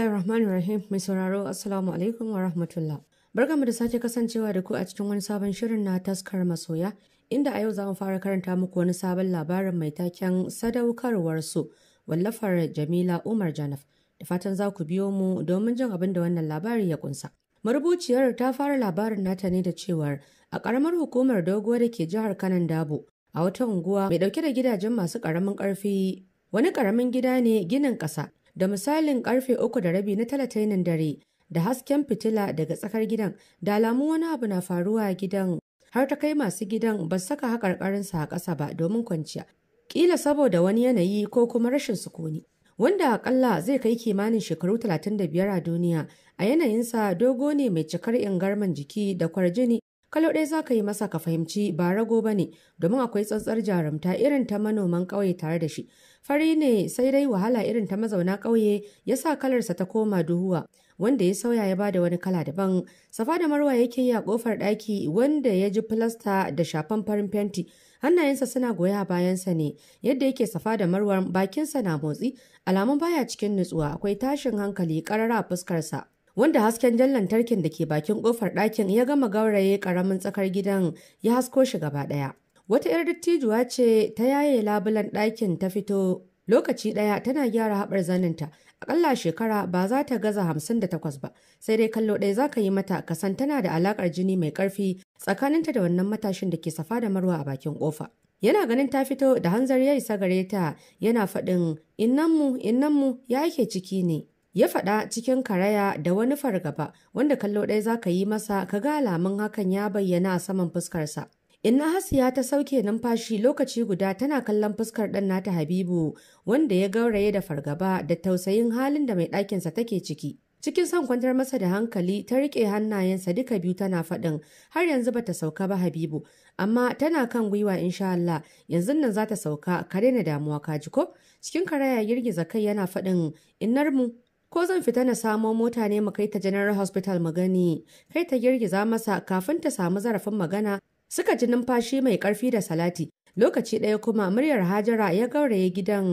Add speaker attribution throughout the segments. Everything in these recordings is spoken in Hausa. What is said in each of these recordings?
Speaker 1: Bismillahir Rahmanir mai sauraro Assalamu alaikum wa rahmatullah. Barkanmu da sake kasancewa da ku a cikin wani sabon shirin na taskar masoya inda a yau za mu fara karanta muku wani sabon labarin mai taken sadaukarwar su wallafar Jamila Umar Janaf. Da fatan za ku biyo mu domin jin abin da wannan labari ya kunsa. Marubuciyar ta fara labarin nata ne da cewar a karamar hukumar doguwa da ke jihar Kanan Dabo a wata unguwa mai dauke da gidajen masu karamin karfi wani karamin gida ne ginin ƙasa da misalin karfe uku da rabi na talatainin dare da hasken fitila daga tsakar gidan da alamu wani abu na faruwa a gidan har ta kai masu gidan ba saka haƙarƙarinsa a ƙasa ba domin kwanciya ƙila saboda wani yanayi ko kuma rashin sukuni wanda akalla zai kai kimanin shekaru 35 a duniya a yanayinsa dogo ne mai cikar ingarman jiki da kwarjini kalo ɗaya za ka yi masa ka fahimci ba rago ba ne domin akwai tsantsar jarumta irin ta manoman ƙauye tare da shi fari ne sai dai wahala irin ta mazauna ƙauye ya sa kalarsa ta koma duhuwa wanda ya sauya ya bada wani kala daban safa da marwa yake yi a kofar ɗaki wanda ya ji filasta da shafan farin fenti hannayensa suna goya bayansa ne yadda yake safa da marwa bakinsa na motsi alamun baya cikin nutsuwa akwai tashin hankali ƙarara a fuskarsa wanda hasken jan lantarkin da ke bakin kofar ɗakin ya gama gauraye ƙaramin tsakar gidan ya hasko shi gaba ɗaya. Wata 'yar dattijuwa ce ta yaye labulan ɗakin ta fito lokaci ɗaya tana gyara haɓar zaninta akalla shekara ba za ta gaza hamsin da takwas ba sai dai kallo ɗaya za ka yi mata kasan tana da alaƙar jini mai ƙarfi tsakaninta da wannan matashin da ke safa da marwa a bakin ƙofa. yana ganin ta fito da hanzar ya isa gare ta yana faɗin innanmu innanmu ya ke ciki ne ya faɗa cikin karaya da wani fargaba wanda kallo ɗaya za ka yi masa ka ga alamun hakan ya bayyana a saman fuskarsa. Inna Hasiya ta sauke numfashi lokaci guda tana kallon fuskar ɗan nata Habibu wanda ya gauraye da fargaba da tausayin halin da mai ɗakinsa take ciki. Cikin son kwantar masa da hankali ta riƙe hannayensa duka biyu tana faɗin har yanzu bata sauka ba Habibu amma tana kan gwiwa insha Allah yanzu nan za ta sauka ka daina damuwa ka ji ko cikin karaya girgiza kai yana faɗin innar mu ko zan fita na samo mota ne mu kai ta general hospital mu gani kai ta girgiza masa kafin ta samu zarafin magana suka ji numfashi mai karfi da salati lokaci ɗaya kuma muryar hajara ya gauraye gidan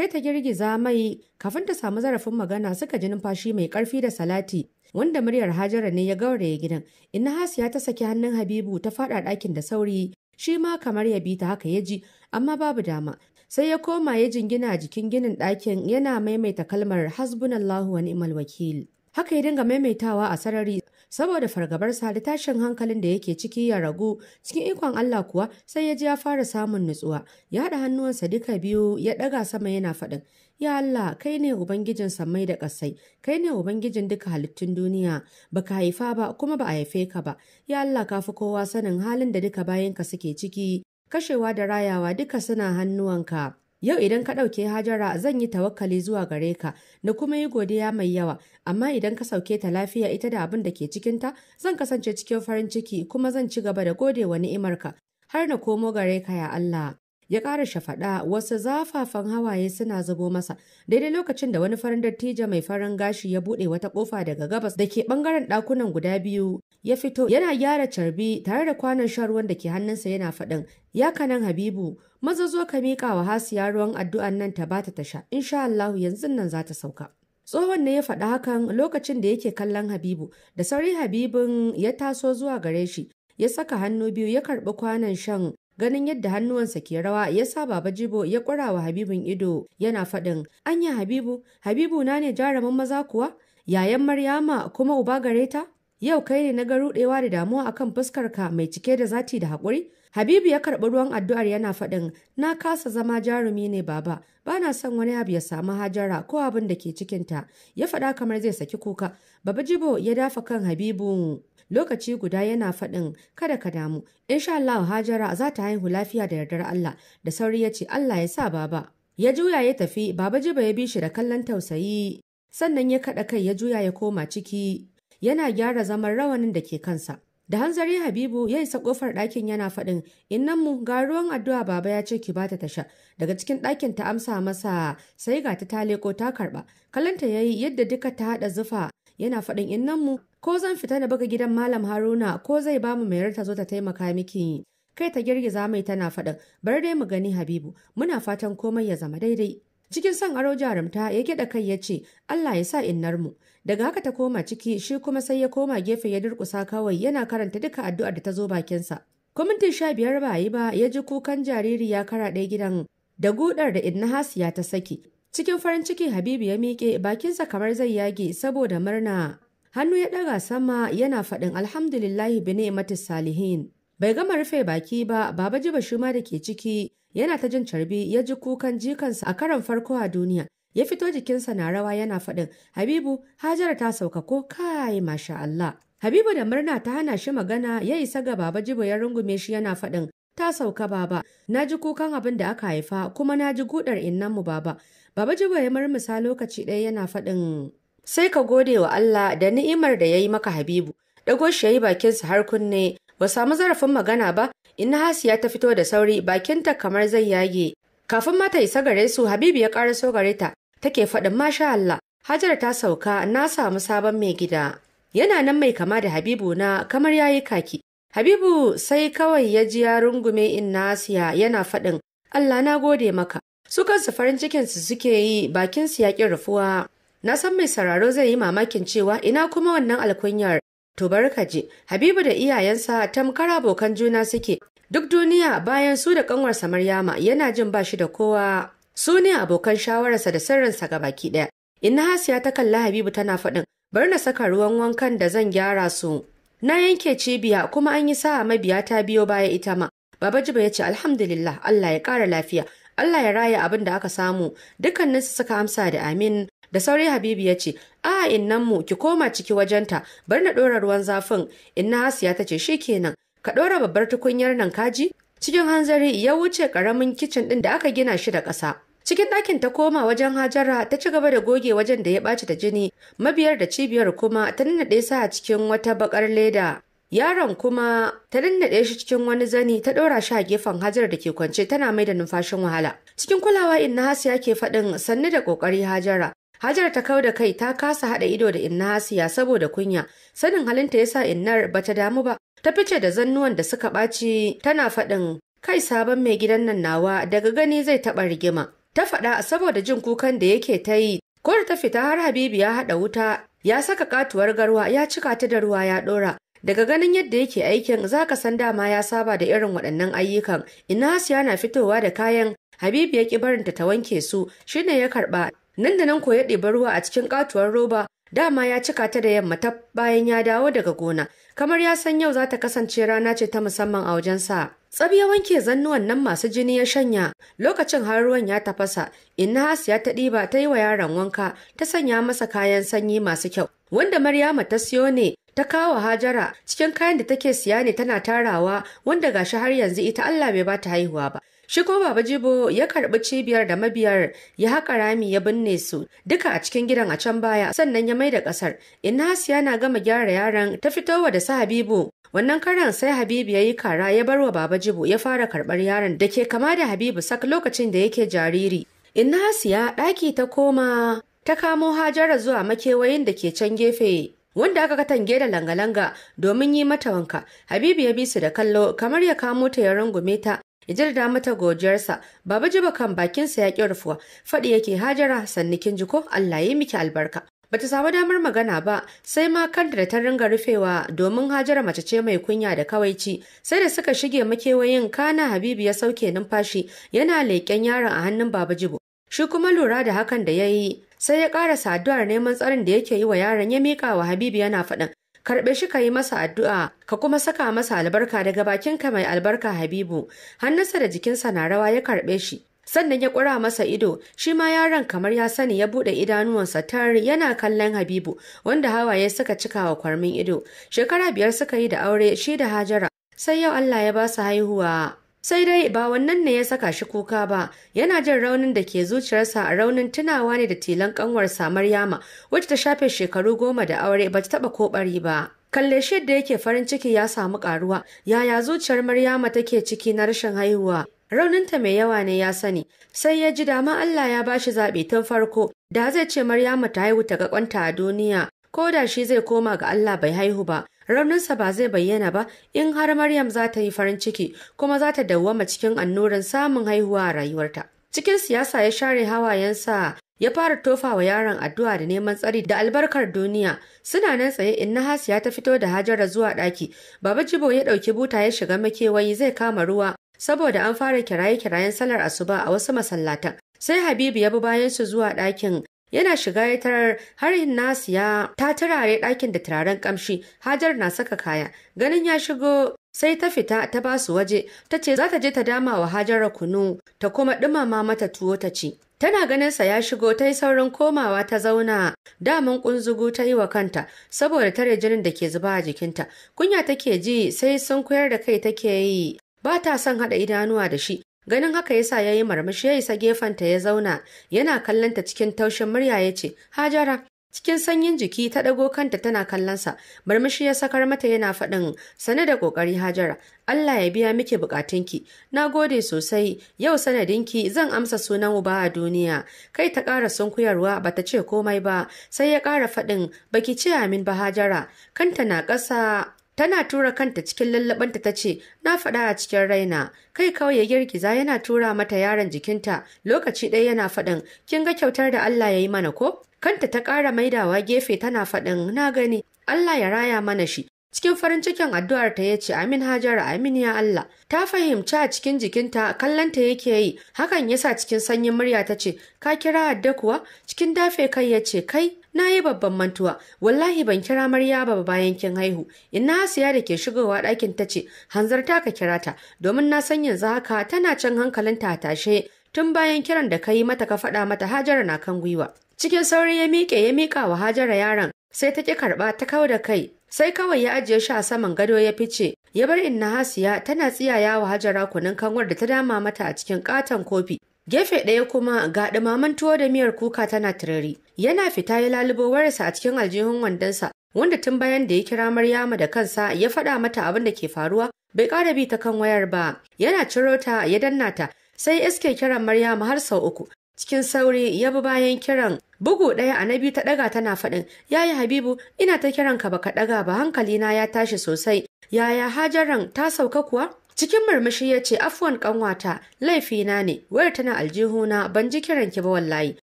Speaker 1: kai ta girgiza mai kafin ta samu zarafin magana suka ji numfashi mai karfi da salati wanda muryar hajara ne ya gauraye gidan inna hasiya ta saki hannun habibu ta faɗa ɗakin da sauri shi ma kamar ya bi ta haka ya ji amma babu dama sai ya koma ya jingina jikin ginin ɗakin yana maimaita kalmar hasbunallahu wa ni'mal wakil haka ya dinga maimaitawa a sarari saboda fargabar sa da tashin hankalin da yake ciki ya ragu cikin ikon Allah kuwa sai ya ji ya fara samun nutsuwa ya haɗa hannuwansa duka biyu ya ɗaga sama yana faɗin ya Allah kai ne ubangijin sammai da ƙasai kai ne ubangijin duka halittun duniya baka haifa ba kuma ba a haife ka ba ya Allah ka fi kowa sanin halin da duka bayanka suke ciki kashewa da rayawa duka suna hannuwanka. Yau idan ka ɗauke Hajara zan yi tawakkali zuwa gare ka na kuma yi godiya mai yawa, amma idan ka sauke ta lafiya ita da abin da ke cikinta zan kasance cikin farin ciki kuma zan ci gaba da gode wa ni'imarka har na komo gare ka ya Allah. Ya ƙara shafaɗa wasu zafafan hawaye suna zubo masa daidai lokacin da wani farin dattijo mai farin gashi ya buɗe wata ƙofa daga gabas da ke ɓangaren ɗakunan guda biyu ya fito yana gyara carbi tare da kwanon shan ruwan da ke hannunsa yana faɗin ya kanan habibu maza zo ka miƙa wa hasiya ruwan addu'an nan ta bata ta sha insha Allahu yanzu nan za ta sauka tsohon ne ya faɗi hakan lokacin da yake kallon habibu da sauri habibun ya taso zuwa gare shi ya saka hannu biyu ya karɓi kwanon shan ganin yadda hannuwansa ke rawa ya sa baba jibo ya ƙura wa habibun ido yana faɗin anya habibu habibu na ne jaruman maza kuwa yayan maryama kuma uba gare ta yau kai ne na ga rudewa da damuwa akan fuskarka mai cike da zati da hakuri? habibu ya karɓi ruwan addu'ar yana faɗin na kasa zama jarumi ne baba Bana son wani abu ya samu hajara ko abin da ke cikinta ya faɗa kamar zai saki kuka baba jibo ya dafa kan habibu lokaci guda yana faɗin kada ka damu insha Allah hajara za ta haihu lafiya da yardar Allah da sauri ya ce Allah ya sa baba ya juya ya tafi baba jibo ya bi shi da kallon tausayi sannan ya kaɗa kai ya juya ya koma ciki yana gyara zaman rawanin da ke kansa. Da hanzari Habibu ya isa kofar ɗakin yana faɗin innan mu, ga ruwan addu'a baba ya ce ki bata ta sha daga cikin ɗakin ta amsa masa sai ga ta ta leko ta karɓa kalanta yayi yadda duka ta haɗa zufa yana faɗin innan mu, ko zan fita na buga gidan malam Haruna ko zai bamu mai ta zo ta taimaka miki kai ta girgiza mai tana faɗin bari dai mu gani Habibu muna fatan komai ya zama daidai cikin son aro jarumta ya gyaɗa kai ya ce Allah ya sa innar mu daga haka ta koma ciki shi kuma sai ya koma gefe ya durkusa kawai yana karanta duka addu'ar da ta zo bakinsa kwamitin sha biyar ba yi ba ya ji kukan jariri ya kara ɗaya gidan da gudar da idna hasiya ta saki cikin farin ciki habibu ya miƙe bakinsa kamar zai yage saboda murna hannu ya ɗaga sama yana faɗin alhamdulillahi bi ni'mati salihin bai gama rufe baki ba baba jiba shi ma da ke ciki yana ta jin carbi ya ji kukan jikansa a karan farko a duniya ya fito jikinsa na rawa yana faɗin habibu hajara ta sauka ko kai masha Allah habibu da murna ta hana shi magana ya isa ga baba jibo ya rungume shi yana faɗin ta sauka baba na ji kukan abin da aka haifa kuma na ji gudar innanmu baba baba jibo ya murmusa lokaci ɗaya yana faɗin sai ka gode wa Allah da ni'imar da ya yi maka habibu ɗago shi ya yi bakinsa har kunne ba samu zarafin magana ba Ina hasiya ta fito da sauri bakinta kamar zai yage Kafin mata isa gare su Habibu ya ƙaraso gare ta take faɗin masha Allah Hajara ta sauka na samu sabon mai gida. Yana nan mai kama da Habibu na kamar yayi kaki. Habibu sai kawai ya ji ya rungume Innasiya yana faɗin Allah na gode maka. Su kansu farin cikin su suke yi bakin su ya rufuwa. Na san mai sararo zai yi mamakin cewa ina kuma wannan alkunyar. To barka je, Habibu da iyayensa tamkar abokan juna suke, Duk duniya bayan su da ƙanwarsa Maryama yana jin ba shi da kowa su ne abokan shawararsa da sirrinsa ga baki ɗaya. Inna Hasiya ta kalla Habibu tana faɗin bar na saka ruwan wankan da zan gyara su. Na yanke cibiya kuma an yi sa'a mabiya ta biyo baya ita ma. Baba Jiba ya ce alhamdulillah Allah ya ƙara lafiya. Allah ya raya abin da aka samu dukkanin su suka amsa da amin da sauri Habibu ya ce a innan mu ki koma ciki wajenta bar na ɗora ruwan zafin inna Hasiya ta ce shi kenan. ka ɗora babbar tukunyar nan kaji cikin hanzari ya wuce ƙaramin kicin ɗin da aka gina shi da ƙasa cikin ɗakin ta koma wajen hajara ta ci gaba da goge wajen da ya ɓaci da jini mabiyar da cibiyar kuma ta nannaɗe sa a cikin wata baƙar leda yaron kuma ta nannaɗe shi cikin wani zani ta ɗora shi a gefen hajar da ke kwance tana mai da numfashin wahala cikin kulawa in na hasiya ke faɗin sannu da ƙoƙari hajara Hajar ta kau da kai ta kasa haɗa ido da Inna Hasiya saboda kunya. Sanin halinta ya yasa Innar ta damu ba. Ta fice da zannuwan da suka ɓaci tana faɗin kai sabon mai gidan nan nawa daga gani zai taɓa rigima. Ta faɗa saboda jin kukan da yake ta yi. Kowar ta fita har Habibu ya haɗa wuta ya saka katuwar garwa ya cika ta da ruwa ya ɗora. Daga ganin yadda yake aikin za ka san dama ya saba da irin waɗannan ayyukan. Inna Hasiya na fitowa da kayan Habibu ya ƙi barinta ta wanke su shine ya karɓa nan da nan ko ya ruwa a cikin katuwar roba dama ya cika ta da yamma ta bayan ya dawo daga gona kamar ya san yau za ta kasance rana ce ta musamman a wajen tsab ya wanke zannuwan nan masu jini ya shanya lokacin har ruwan ya tafasa inna hasiya ta ɗiba ta yi wa yaron wanka ta sanya masa kayan sanyi masu kyau wanda maryama ta siyo ne ta kawo hajara cikin kayan da take siya ne tana tarawa wanda gashi har yanzu ita allah bai ba ta haihuwa ba Shi kuma Baba Jibo ya karɓi cibiyar da mabiyar ya haƙa rami ya binne su duka a cikin gidan a can baya sannan ya mai da ƙasar. Inna Hasiya na gama gyara yaran ta fitowa da su Habibu. Wannan karan sai Habibu ya yi kara ya bar wa Baba Jibo ya fara karɓar yaran da ke kama da Habibu sak lokacin da yake jariri. Inna Hasiya ɗaki ta koma ta kamo Hajara zuwa makewayin da ke can gefe. wanda aka katange da langa-langa domin yi mata wanka. Habibu ya bi su da kallo kamar ya kamo ta ya rungume ta Ijil da mata gojiyarsa, Baba Jiba kan bakinsa ya ƙi rufuwa, faɗi yake Hajara sannu kin ji ko Allah ya miki albarka. Bata samu damar magana ba, sai ma kanta da ta ringa rufewa domin Hajara mace ce mai kunya da kawaici, sai da suka shige makewayin kana Habibu ya sauke numfashi yana leƙen yaron a hannun Baba Jibo. Shi kuma lura da hakan da ya yi, sai ya ƙara saduwar neman tsarin da yake yi wa yaron ya miƙa wa Habibu yana faɗin, karɓe shi ka yi masa addu'a ka kuma saka masa albarka daga bakinka mai albarka habibu hannunsa da jikinsa na rawa ya karɓe shi sannan ya kura masa ido shi ma yaron kamar ya sani ya buɗe idanuwansa tar yana kallon habibu wanda hawaye suka cika wa kwarmin ido shekara biyar suka yi da aure shi da hajara sai yau allah ya ba su haihuwa sai dai ba wannan ne ya saka shi kuka ba yana jin raunin da ke zuciyarsa a raunin tunawa ne da tilan kanwarsa Maryama wacce ta shafe shekaru goma da aure ba ta taba kobari ba kalle shi da yake farin ciki ya samu karuwa yaya zuciyar Maryama take ciki na rashin haihuwa rauninta mai yawa ne ya sani sai ya ji dama Allah ya ba shi zaɓe tun farko da zai ce Maryama ta haihu ta ga kwanta a duniya ko da shi zai koma ga Allah bai haihu ba rauninsa ba zai bayyana ba in har Maryam za ta yi farin ciki kuma za ta dawwama cikin annoran samun haihuwa a rayuwarta. Cikin siyasa ya share hawayensa ya fara tofa wa yaron addu'a da neman tsari da albarkar duniya suna nan tsaye in na hasiya ta fito da hajara zuwa ɗaki baba jibo ya ɗauki buta ya shiga makewayi zai kama ruwa saboda an fara kiraye-kirayen salar asuba a wasu masallatan sai habibu ya bi bayan su zuwa ɗakin yana shiga ya tarar har nasu ya ta turare ɗakin da turaren ƙamshi. hajar na saka kaya ganin ya shigo sai ta fita ta ba su waje ta ce za ta je ta dama wa Hajar kunu ta kuma ɗumama mata tuwo ta ci tana ganin sa ya shigo ta yi saurin komawa ta zauna daman kunzugu ta yi wa kanta saboda tare jinin da ke zuba a jikinta kunya take ji sai sun koyar da kai take yi ba ta son haɗa idanuwa da shi ganin haka yasa ya yi marmashi ya isa gefenta ya zauna yana kallon ta cikin taushin murya ya ce hajara cikin sanyin jiki ta ɗago kanta tana kallonsa marmashi ya sakar mata yana faɗin sane da ƙoƙari hajara Allah ya biya miki ki na gode sosai yau sanadinki zan amsa sunan uba a duniya kai ta ƙara sunkuyarwa bata ce komai ba sai ya ƙara faɗin baki ce amin ba hajara kanta na ƙasa Tana tura kanta cikin lallabanta ta ce, Na faɗa a cikin raina, kai kawai ya girgiza yana tura mata yaron jikinta lokaci ɗaya yana faɗin, kin ga kyautar da Allah ya yi mana ko? Kanta ta ƙara maidawa gefe tana faɗin, na gani, Allah ya raya mana shi, Cikin farin cikin addu'ar ta yace Amin Hajara Amin ya Allah. Ta fahimci a cikin jikinta kallanta yake yi. Hakan yasa cikin sanyin murya ta ce, "Ka kira adda kuwa?" Cikin dafe kai yace, "Kai, na yi babban mantuwa. Wallahi ban kira Marya ba bayan kin haihu." Ina Asiya da ke shigowa ɗakin ta ce, "Hanzarta ka kira ta, domin na san yanzu haka tana can hankalinta a tashe." Tun bayan kiran da ka yi mata ka faɗa mata Hajara na kan gwiwa. Cikin sauri ya miƙe ya miƙa wa Hajara yaron sai ta ƙi karɓa ta kau da kai sai kawai ya ajiye shi a saman gado ya fice ya bar inna hasiya tana tsiyaya wa hajara kunun kanwar da ta dama mata a cikin katon kofi gefe ɗaya kuma ga ɗumaman tuwo da miyar kuka tana turari yana fita ya lalubo wayarsa a cikin aljihun wandonsa wanda tun bayan da ya kira maryama da kansa ya faɗa mata abin da ke faruwa bai ƙara bi ta kan wayar ba yana ciro ta ya danna ta sai iske kiran maryama har sau uku cikin sauri ya bi bayan kiran Bugu ɗaya a na biyu ta ɗaga tana faɗin, "Yaya Habibu, ina ta kiran ka baka ɗaga ba na ya tashi sosai. Yaya Hajaran ta sauka kuwa?" Cikin murmushi ya ce, "Afwan ƙanwata, laifina ne, wayar tana aljihu na, ban ji kiran ki ba wallahi."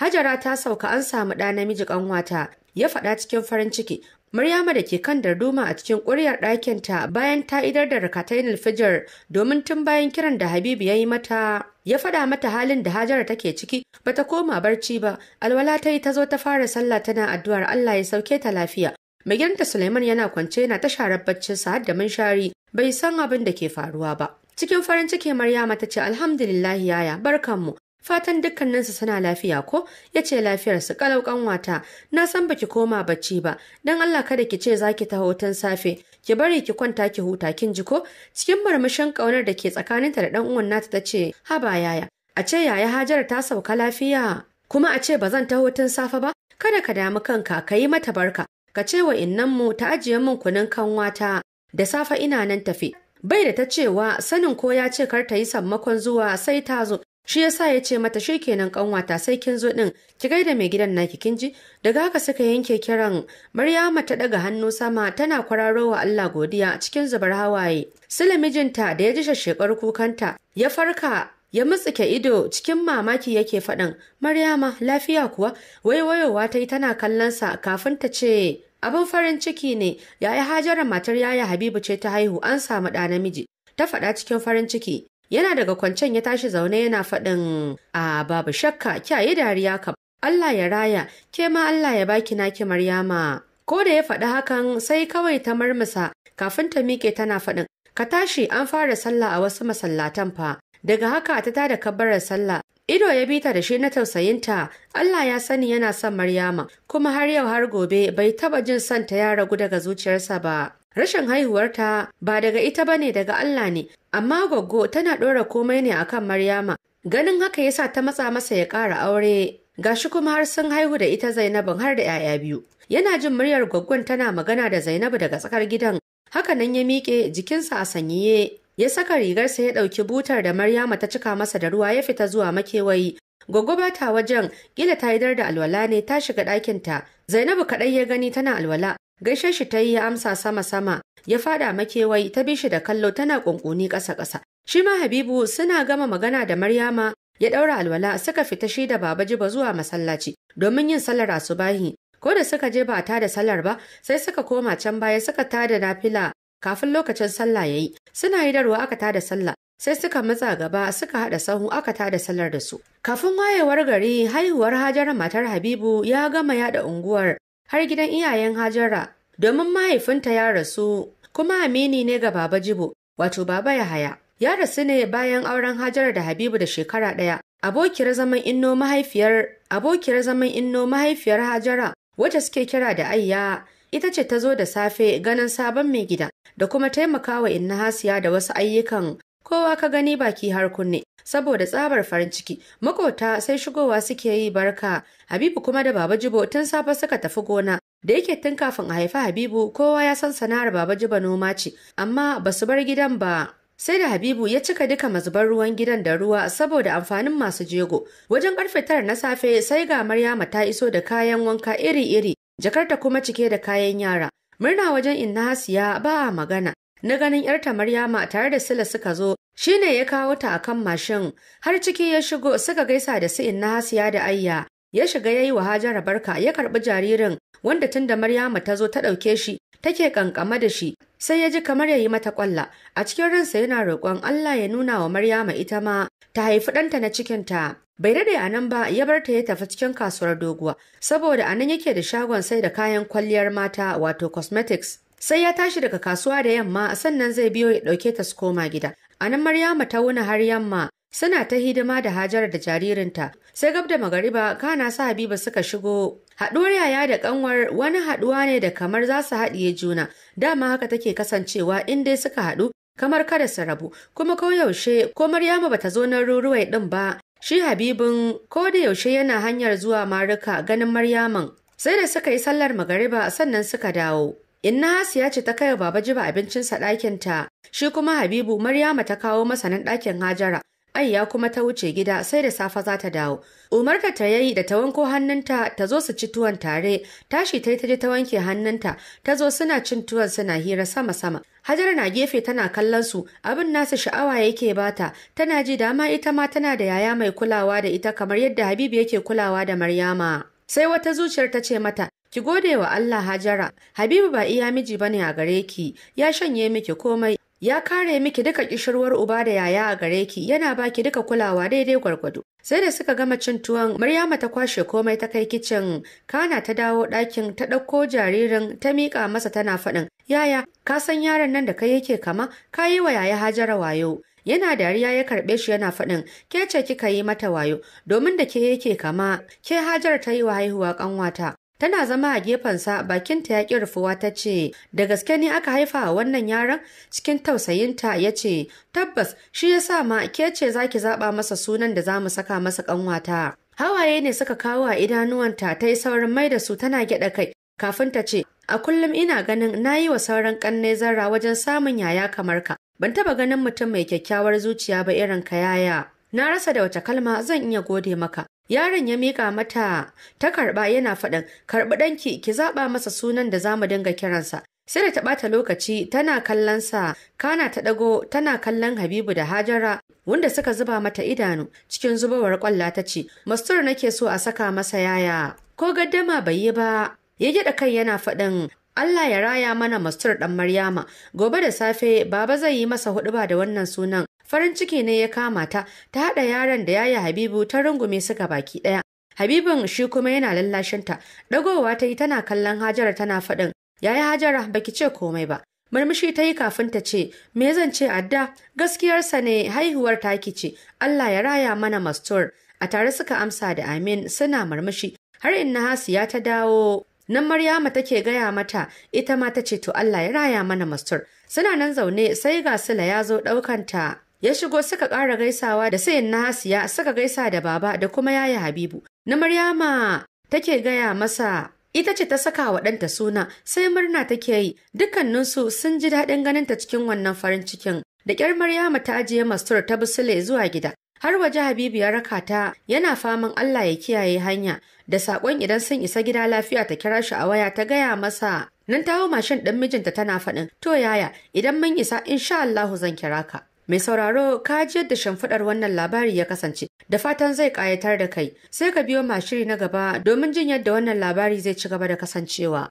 Speaker 1: Hajara ta sauka an samu ɗa namiji ƙanwata, ya faɗa cikin farin ciki, Maryama da ke kan darduma a cikin ƙuryar ɗakinta bayan ta idar da rakatayin fijar domin tun bayan kiran da Habibu ya yi mata ya faɗa mata halin da Hajara take ciki bata koma barci ba alwala ta yi ta zo ta fara sallah tana addu'ar Allah ya sauke ta lafiya mai gidanta Suleiman yana kwance yana ta sharar sa har da munshari bai san abin da ke faruwa ba cikin farin ciki Maryama ta ce alhamdulillah yaya barkanmu Fatan dukkaninsu suna lafiya ko? Ya ce su kalau kanwata? na san baki koma bacci ba, don Allah kada ki ce za ki taho tun safe, ki bari ki kwanta ki huta kin ji ko? Cikin marmashin kaunar da ke tsakaninta da ɗan uwan nata ta ce, haba yaya, a ce yaya Hajara ta sauka lafiya, kuma a ce ba zan taho tun safe ba? Kada ka damu kanka, ka yi mata barka, ka ce wa innan mu, ta ajiye min kunun kanwata, da safe ina nan tafi. Bai da ta cewa sanin ko ya ce kar ta yi sammakon zuwa sai ta zo, Shi yasa ya ce mata shi kenan kanwata sai kin zo din ki gaida mai gidan naki kin ji daga haka suka yanke kiran Maryama ta daga hannu sama tana kwararowa Allah godiya cikin zubar hawaye. Sule mijinta da ya ji shashekar kukanta ya farka ya mutsike ido cikin mamaki yake faɗin Maryama lafiya kuwa waiwayowa ta yi tana sa, kafin ta ce abin farin ciki ne yaya Hajara matar yaya Habibu ce ta haihu an samu ɗa namiji ta faɗa cikin farin ciki yana daga kwancen ya tashi zaune yana faɗin a babu shakka kyaye dariya kam Allah ya raya ke ma Allah ya baki naki Maryama ko da ya faɗi hakan sai kawai ta marmasa kafin ta miƙe tana faɗin ka tashi an fara sallah a wasu masallatan fa daga haka ta tada kabbarar sallah ido ya bi ta da shi na tausayinta Allah ya sani yana son Maryama kuma har yau har gobe bai taba jin son ta ya ragu daga zuciyarsa ba rashin haihuwarta ba daga ita ne daga Allah ne amma Goggo tana ɗora komai ne a kan Maryama ganin haka ya sa ta matsa masa ya ƙara aure Ga shi kuma har sun haihu da ita Zainabin har da 'ya'ya biyu yana jin muryar Goggon tana magana da Zainabu daga tsakar gidan haka nan ya miƙe jikinsa a sanyiye ya saka rigarsa ya ɗauki butar da Maryama ta cika masa da ruwa ya fita zuwa makewayi Goggo ba ta wajen ƙila ta dar da alwala ne ta shiga ɗakinta Zainabu kaɗai ya gani tana alwala gaishe shi ta yi ya amsa sama sama ya fada makewayi ta bi shi da kallo tana kunkuni ƙasa-ƙasa. Shi ma Habibu suna gama magana da Maryama ya ɗaura alwala suka fita shi da Baba Jiba zuwa masallaci domin yin sallar asubahi. Ko da suka je ba a tada sallar ba sai suka koma can baya suka tada nafila kafin lokacin sallah yayi. Suna yi hidarwa aka tada sallah sai suka matsa gaba suka haɗa sahu aka tada sallar da su. Kafin wayewar gari haihuwar Hajara matar Habibu ya gama yaɗa unguwar har gidan iyayen Hajara domin mahaifinta ya rasu kuma amini ne ga baba jibo wato baba yahaya ya rasu ne bayan auren Hajara da habibu da shekara ɗaya abokiyar zaman inno mahaifiyar abokiyar zaman inno mahaifiyar hajara wacce suke kira da ayya ita ce ta zo da safe ganin sabon mai gida da kuma taimakawa inna hasiya da wasu ayyukan kowa ka gani baki har kunne saboda tsabar farin ciki makota sai shigowa suke yi barka habibu kuma da baba jibo tun safe suka tafi gona Da yake tun kafin a haifi Habibu kowa ya san sana'ar Baba Jiba noma ce, amma ba su bar gidan ba. Sai da Habibu ya cika duka mazubar ruwan gidan da ruwa saboda amfanin masu jego. Wajen karfe tara na safe sai ga Maryama ta iso da kayan wanka iri-iri, jakarta kuma cike da kayan yara. Murna wajen inna hasiya ba a magana. Na ganin ‘yarta Maryama tare da Sila suka zo, shi ne ya kawo ta a kan mashin. Har ciki ya shigo suka gaisa da su inna hasiya da ayya. ya shiga ya yi wa Hajara barka ya karɓi jaririn wanda tun da Maryama ta zo ta ɗauke shi take kankama da shi sai ya ji kamar ya yi mata kwalla a cikin ransa yana roƙon Allah ya nuna wa Maryama ita ma ta haifi ɗanta na cikinta bai daɗe a nan ba ya bar ta ya tafi cikin kasuwar doguwa saboda a nan yake da shagon sai da kayan kwalliyar mata wato cosmetics sai ya tashi daga kasuwa da yamma sannan zai biyo ya ɗauke ta su koma gida a nan Maryama ta wuna har yamma Suna ta hidima da Hajar da jaririnta, sai gab da magariba kana sa Habiba suka shigo. Haɗuwar yaya da ƙanwar wani haɗuwa ne da kamar za su haɗiye juna, dama haka take kasancewa in dai suka haɗu kamar kada su rabu, kuma ko yaushe ko Maryama bata zo nan ruruwai ɗin ba. Shi Habibin ko da yaushe yana hanyar zuwa Maruka ganin Maryaman. Sai da suka yi sallar magariba sannan suka dawo. Inna Hasiya ce ta kai baba jiba abincinsa ɗakinta, shi kuma Habibu Maryama ta kawo masa ɗakin Hajara, Ayya kuma ta wuce gida sai da safe za ta dawo. Umarta ta yayi da ta wanko hannunta ta zo su ci tuwon tare, tashi ta yi ta je ta wanke hannunta, ta zo suna cin tuwon suna hira sama-sama. Hajar na gefe tana kallon su, abin nasu sha'awa yake bata, tana ji dama ita ma tana da yaya mai kulawa da ita kamar yadda Habibu yake kulawa da Maryama. Sai wata zuciyar ta ce mata, Ki gode wa Allah Hajara, Habibu ba iya miji bane a gare ki, ya shanye miki komai, ya kare miki duka kishirwar uba da yaya a gare ki yana baki duka kulawa daidai gwargwado sai da suka gama cin tuwon maryama ta kwashe komai ta kai kicin kana ta dawo ɗakin ta ɗauko jaririn ta miƙa masa tana faɗin yaya ka san yaron nan da kai yake kama ka yi wa yaya hajara wayo yana dariya ya karɓe shi yana faɗin ke ce kika yi mata wayo domin da ke yake kama ke hajara ta yi wa haihuwa ƙanwata Tana zama a gefensa bakinta ya ƙi rufuwa ta ce, Da gaske ne aka haifa a wannan yaron? Cikin tausayinta ya ce, Tabbas shi ya sa ma ke ce za ki zaɓa masa sunan da za mu saka masa ƙanwata. Hawaye ne suka kawo a idanuwanta ta yi saurin mai da su tana gyaɗa kai. Kafin ta ce, A kullum ina ganin na yi wa sauran ƙanne zarra wajen samun yaya kamar ka. Ban taɓa ganin mutum mai kyakkyawar zuciya ba irin ka yaya. Na rasa da wace kalma zan iya gode maka. yaron ya mika mata ta karɓa yana faɗin karbi ɗanki ki zaɓa masa sunan da zamu dinga kiransa sai da ta ɓata lokaci tana kallon sa kana ta ɗago tana kallon habibu da hajara wanda suka zuba mata idanu cikin zubawar kwalla ta ce mastur nake so a saka masa yaya ko gaddama bai yi ba ya gyaɗa kai yana faɗin Allah ya raya mana mastur ɗan Maryama, gobe da safe baba zai yi masa huɗuba da wannan sunan farin ciki ne ya kama ta ta haɗa yaran da yaya habibu ta rungume suka baki ɗaya habibun shi kuma yana lallashinta ɗagowa ta yi tana kallon hajara tana faɗin yaya hajara baki ce komai ba murmushi ta yi kafin ta ce me zan ce adda gaskiyarsa ne haihuwar taki ce allah ya raya mana mastur a tare suka amsa da amin suna murmushi har inna hasiya ta dawo nan Maryama take gaya mata ita ma tace to Allah ya raya mana mastur suna nan zaune sai ga Sula ya zo ɗaukanta ya shigo suka ƙara gaisawa da sayin na hasiya suka gaisa da baba da kuma yaya habibu na maryama take gaya masa ita ce ta saka wa ɗanta suna sai murna take yi dukkaninsu sun ji daɗin ganinta cikin wannan farin cikin da ƙyar maryama ta ajiye mastur ta busule zuwa gida har waje habibu ya raka ta yana faman allah ya kiyaye hanya da sakon idan sun isa gida lafiya ta kira shi a waya ta gaya masa nan ta hau mashin ɗin mijinta tana faɗin to yaya idan mun isa insha allahu zan kira ka Mai sauraro ka ji yadda shimfiɗar wannan labari ya kasance da fatan zai ƙayatar da kai sai ka biyo mashiri na gaba domin jin yadda wannan labari zai ci gaba da kasancewa.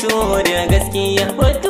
Speaker 1: so da gaskiya